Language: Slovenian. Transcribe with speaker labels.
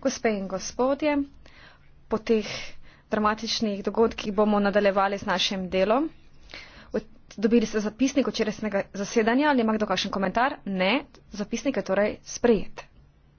Speaker 1: Gospe in gospodje, po teh dramatičnih dogodkih bomo nadaljevali s našim delom. Dobili ste zapisnik včerajšnjega zasedanja, ali ima kdo kakšen komentar? Ne, zapisnik je torej sprejet.